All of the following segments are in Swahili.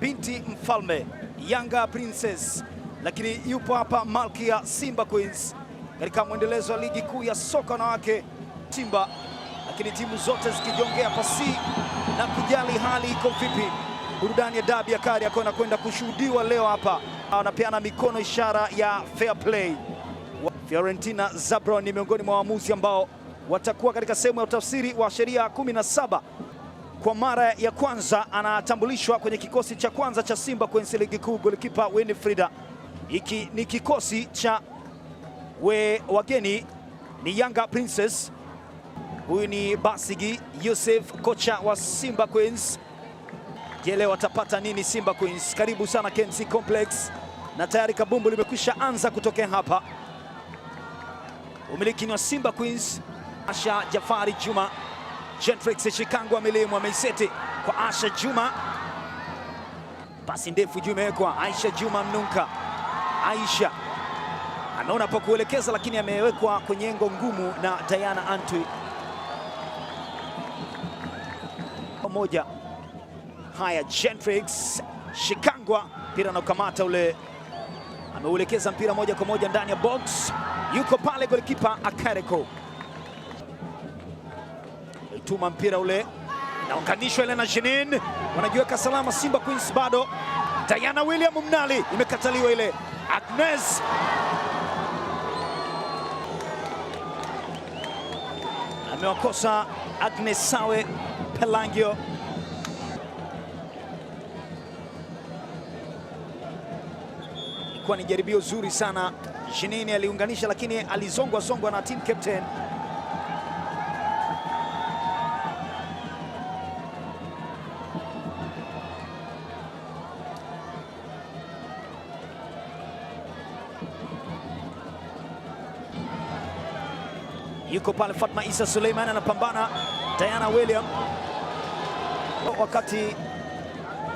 binti mfalme Yanga Princess, lakini yupo hapa Malkia Simba Queens katika mwendelezo wa ligi kuu ya soka wanawake Simba, lakini timu zote zikijongea pasi na kujali hali iko vipi. Burudani ya dabi ya Kariakoo inakwenda kushuhudiwa leo hapa, wanapeana mikono, ishara ya fair play. Fiorentina Zabron ni miongoni mwa waamuzi ambao watakuwa katika sehemu ya utafsiri wa sheria 17 kwa mara ya kwanza anatambulishwa kwenye kikosi cha kwanza cha Simba kwenye ligi kuu. Golikipa Winfrida. Hiki ni kikosi cha we wageni ni Yanga Princess. Huyu ni Basigi Yusuf, kocha wa Simba Queens. Je, leo watapata nini Simba Queens? Karibu sana KMC Complex, na tayari kabumbu limekwisha anza kutokea hapa. Umiliki ni wa Simba Queens. Asha Jafari Juma Gentrix Shikangu amelimu ameiseti kwa Asha Juma, pasi ndefu juu imewekwa Aisha Juma Mnunka. Aisha anaona pa kuelekeza, lakini amewekwa kwenye engo ngumu na Diana Antwi. Pamoja haya, Gentrix Shikangwa mpira anaokamata ule, ameuelekeza mpira moja kwa moja ndani ya box, yuko pale golikipa Akareko. Tuma mpira ule naunganishwa ile na jenin wanajiweka salama Simba Queens. Bado Diana William Mnali, imekataliwa ile. Agnes amewakosa Agnes Sawe Pelangio. Ilikuwa ni jaribio zuri sana, jenin aliunganisha, lakini alizongwa zongwa na team captain yuko pale Fatma Isa Suleiman anapambana Diana William. Wakati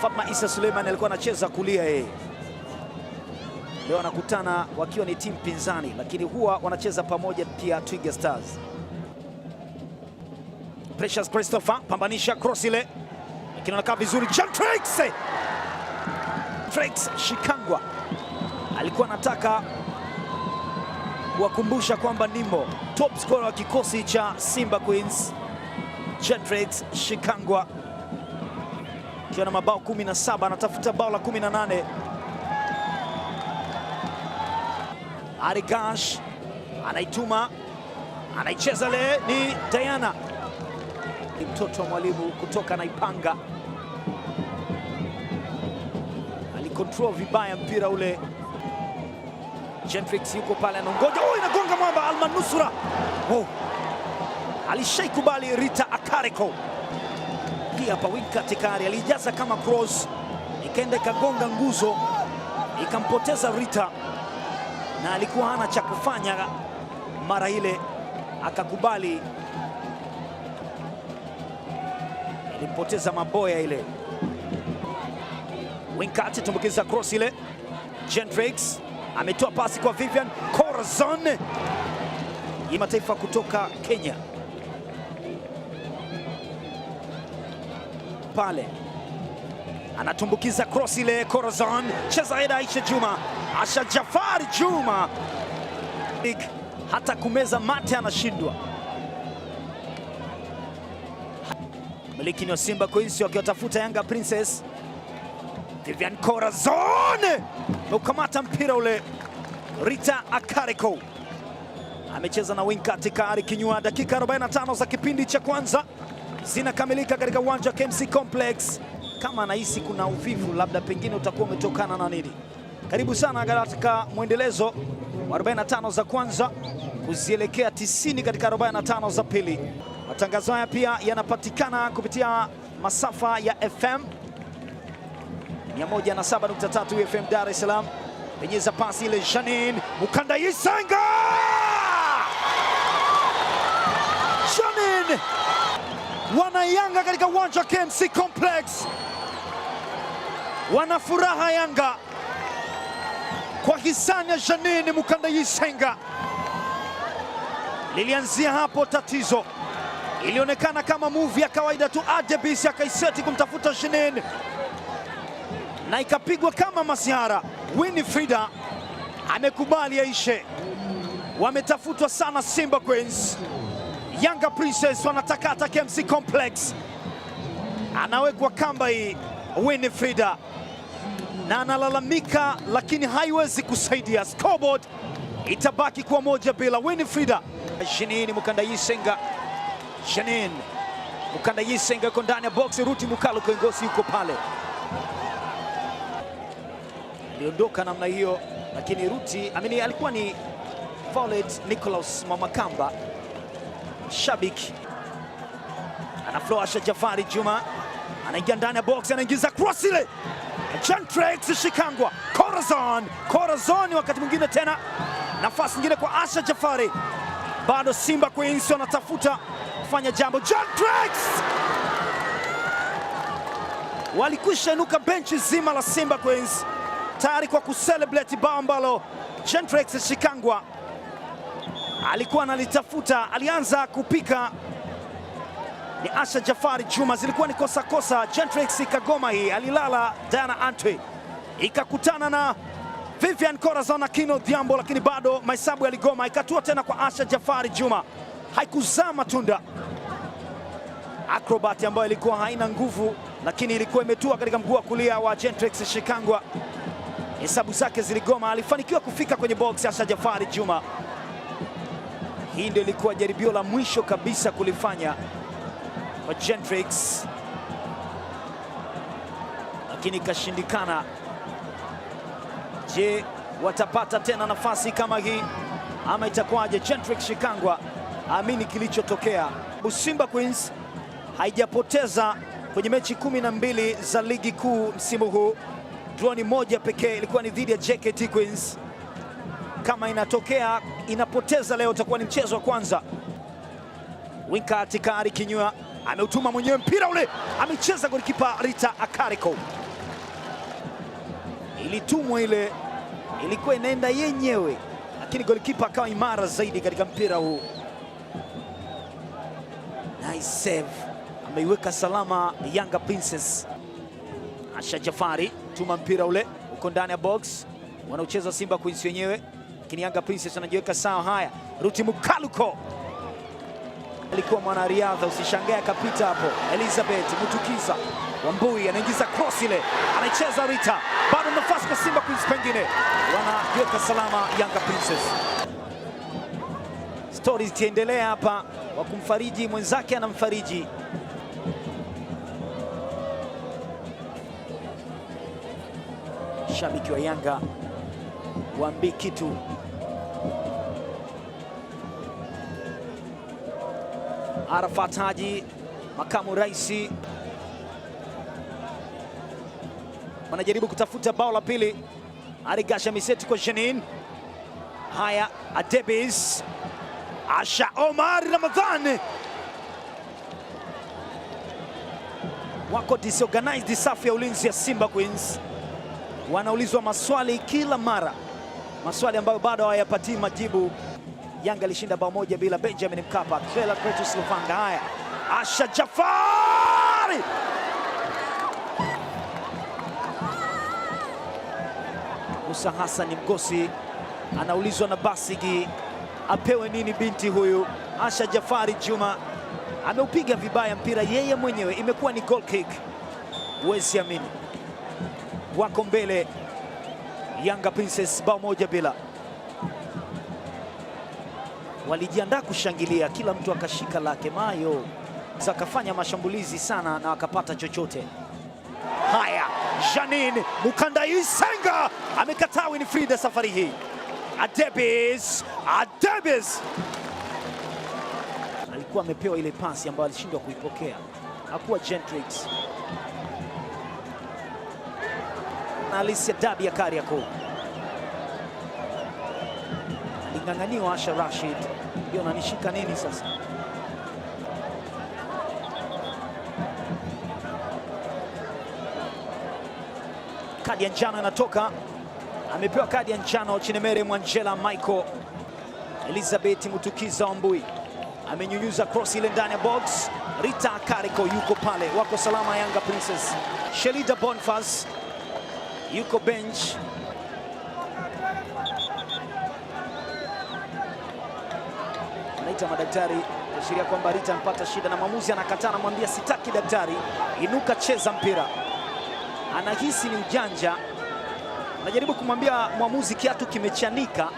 Fatma Isa Suleiman alikuwa anacheza kulia yeye, leo anakutana wakiwa ni timu pinzani, lakini huwa wanacheza pamoja pia Twiga Stars. Precious Christopher pambanisha cross ile, lakini anakaa vizuri Chantrix. Trix Shikangwa alikuwa anataka kuwakumbusha kwamba Nimbo top scorer wa kikosi cha Simba Queens Jetrix Shikangwa akiwa na mabao 17, anatafuta bao la 18. Arigash anaituma anaicheza le, ni Diana, ni mtoto wa mwalimu kutoka naipanga, alikontrol vibaya mpira ule. Gentrix yuko pale anangoja oh, inagonga mwamba. Alman Nusura oh, alishaikubali Rita Akareko Pia hapa, wing katikati alijaza kama cross, ikaenda ikagonga nguzo, ikampoteza Rita na alikuwa hana cha kufanya mara ile, akakubali ilimpoteza maboya ile. Wing tumbukiza cross ile Gentrix ametoa pasi kwa Vivian Corazon mataifa kutoka Kenya pale anatumbukiza cross ile Corazon. Cheza Eda Aisha Juma, Asha Jafar Juma, hata kumeza mate anashindwa. Miliki ni wa Simba Queens wakiwatafuta Yanga Princess. Vivian Corazon meukamata mpira ule. Rita Akareko amecheza na wing katika ari kinywa. Dakika 45 za kipindi cha kwanza zinakamilika katika uwanja wa KMC Complex. Kama anahisi kuna uvivu, labda pengine utakuwa umetokana na nini. Karibu sana katika mwendelezo wa 45 za kwanza kuzielekea 90 katika 45 za pili. Matangazo haya pia yanapatikana kupitia masafa ya FM 107.3 FM Dar es Salaam. Penyeza pasi ile Janine Mukanda Isanga! Janine yanga katika uwanja wa KMC Complex. Wana furaha Yanga kwa hisani ya Janine Mukanda Isanga. Lilianzia hapo tatizo. Ilionekana kama muvi ya kawaida tu, Adebisi akaiseti kumtafuta Janine na ikapigwa kama masihara. Winifrida amekubali aishe. Wametafutwa sana Simba Queens, Yanga Princess hata KMC Complex. Anawekwa kamba hii Winifrida na analalamika, lakini haiwezi kusaidia. Scoreboard itabaki kwa moja bila. Winifrida Jeanine Mukandayisenga, Jeanine Mukandayisenga yuko ndani ya box. Ruti Mukalo kiongozi yuko pale aliondoka namna hiyo, lakini ruti amini alikuwa ni Violet Nicholas Mwamakamba shabiki asha Jafari Juma anaingia ndani ya box, anaingiza cross ile. Jantrex Shikangwa Corazon Corazon, wakati mwingine tena nafasi nyingine kwa Asha Jafari, bado Simba Queens wanatafuta kufanya jambo. Jantrex walikwisha inuka benchi zima la Simba Queens tayari kwa kucelebrate bao ambalo Gentrex Shikangwa alikuwa analitafuta. Alianza kupika ni Asha Jafari Juma, zilikuwa ni kosa kosa. Gentrex ikagoma hii, alilala Diana Antwi, ikakutana na Vivian Corazon Aquino Diambo, lakini bado mahesabu yaligoma. Ikatua tena kwa Asha Jafari Juma, haikuzaa matunda. Acrobat ambayo ilikuwa haina nguvu, lakini ilikuwa imetua katika mguu wa kulia wa Gentrex Shikangwa hesabu zake ziligoma, alifanikiwa kufika kwenye box. Asha Jafari Juma, hii ndio ilikuwa jaribio la mwisho kabisa kulifanya kwa Gentrix, lakini ikashindikana. Je, watapata tena nafasi kama hii ama itakuwaje? Gentrix Shikangwa amini kilichotokea. Simba Queens haijapoteza kwenye mechi kumi na mbili za ligi kuu msimu huu droni moja pekee ilikuwa ni dhidi ya JKT Queens. Kama inatokea inapoteza leo, utakuwa ni mchezo wa kwanza. Winka Atikari Kinyua ameutuma mwenyewe mpira ule, amecheza golikipa Rita Akariko. Ilitumwa ile, ilikuwa inaenda yenyewe, lakini golikipa akawa imara zaidi katika mpira huu. Nice save, ameiweka salama Yanga Princess. Asha Jafari anatuma mpira ule uko ndani ya box, wanaocheza Simba Queens wenyewe, lakini Yanga Princess anajiweka sawa. Haya, Ruti Mukaluko alikuwa mwanariadha, usishangae akapita hapo. Elizabeth Mutukiza Wambui anaingiza cross ile, anaicheza Rita, bado nafasi kwa Simba Queens, pengine wanajiweka salama Yanga Princess. Stori zikiendelea hapa, wa kumfariji mwenzake anamfariji shabiki wa Yanga waambii kitu Arafat Haji, makamu rais, wanajaribu kutafuta bao la pili. Arigasha miseti kwa Jeanine. Haya, Adebis Asha Omar Ramadhan wako disorganized safu ya ulinzi ya Simba Queens wanaulizwa maswali kila mara, maswali ambayo bado hawayapatii majibu. Yanga alishinda bao moja bila Benjamin Mkapa. Kela Kretus Lufanga. Haya, Asha Jafari Musa Hassan Mgosi anaulizwa na Basigi, apewe nini binti huyu? Asha Jafari Juma ameupiga vibaya mpira yeye mwenyewe, imekuwa ni goal kick, huwezi amini wako mbele Yanga Princess bao moja bila. Walijiandaa kushangilia, kila mtu akashika lake mayo, zakafanya mashambulizi sana na akapata chochote. Haya, Janine Isenga amekataa Winfrida safari hii. Adebis, Adebis alikuwa amepewa ile pasi ambayo alishindwa kuipokea, hakuwa Gentrix. sana halisi ya dabi ya Kariakoo. Aling'ang'aniwa Asha Rashid, ndio ananishika nini sasa. Kadi ya njano inatoka, amepewa kadi ya njano Chinemere Mwanjela Michael. Elizabeth Mutukiza Wambui amenyunyuza cross ile ndani ya box. Rita Kariko yuko pale, wako salama Yanga Princess. Shelida Bonfas yuko bench. Anaita madaktari kuashiria kwamba Rita mpata shida na mwamuzi anakataa, anamwambia sitaki daktari, inuka cheza mpira. Anahisi ni ujanja, anajaribu kumwambia mwamuzi kiatu kimechanika,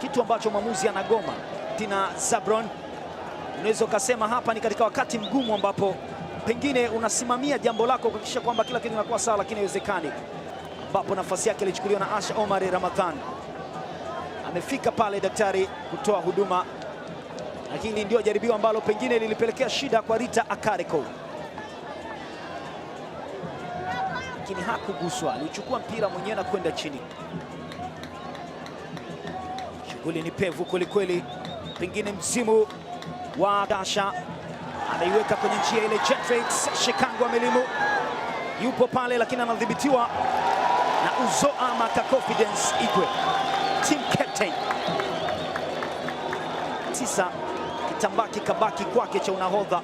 kitu ambacho mwamuzi anagoma. Tina Zabron, unaweza ukasema hapa ni katika wakati mgumu ambapo pengine unasimamia jambo lako kuhakikisha kwamba kila kitu kinakuwa sawa, lakini haiwezekani, ambapo nafasi yake ilichukuliwa na Asha Omari Ramadhan. Amefika pale daktari kutoa huduma, lakini ndio jaribio ambalo pengine lilipelekea shida kwa Rita Akareko, lakini hakuguswa, alichukua mpira mwenyewe na kwenda chini. Shughuli ni pevu kwelikweli, pengine msimu wa Asha anaiweka kwenye njia ile Jetrix Shikangu amelimu yupo pale, lakini anadhibitiwa na Uzoa Maka Confidence Igwe, team captain. Tisa kitambaki kabaki kwake cha unahodha.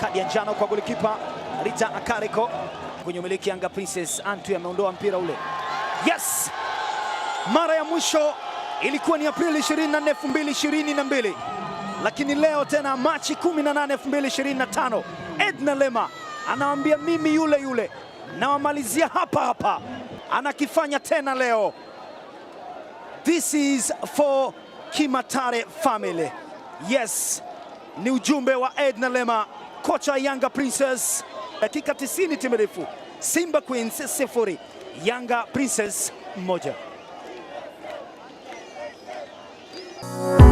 Kadi ya njano kwa golikipa Rita Akareko kwenye umiliki Yanga Princess. Antu ameondoa mpira ule. Yes! Mara ya mwisho ilikuwa ni Aprili 24, 2022, lakini leo tena Machi 18, 2025, Edna Lema anawaambia mimi yule yule, nawamalizia hapa hapa. Anakifanya tena leo. This is for Kimatare family. Yes, ni ujumbe wa Edna Lema, kocha Yanga Princess. Dakika 90 timilifu, Simba Queens sifuri, Yanga Princess moja. Bye.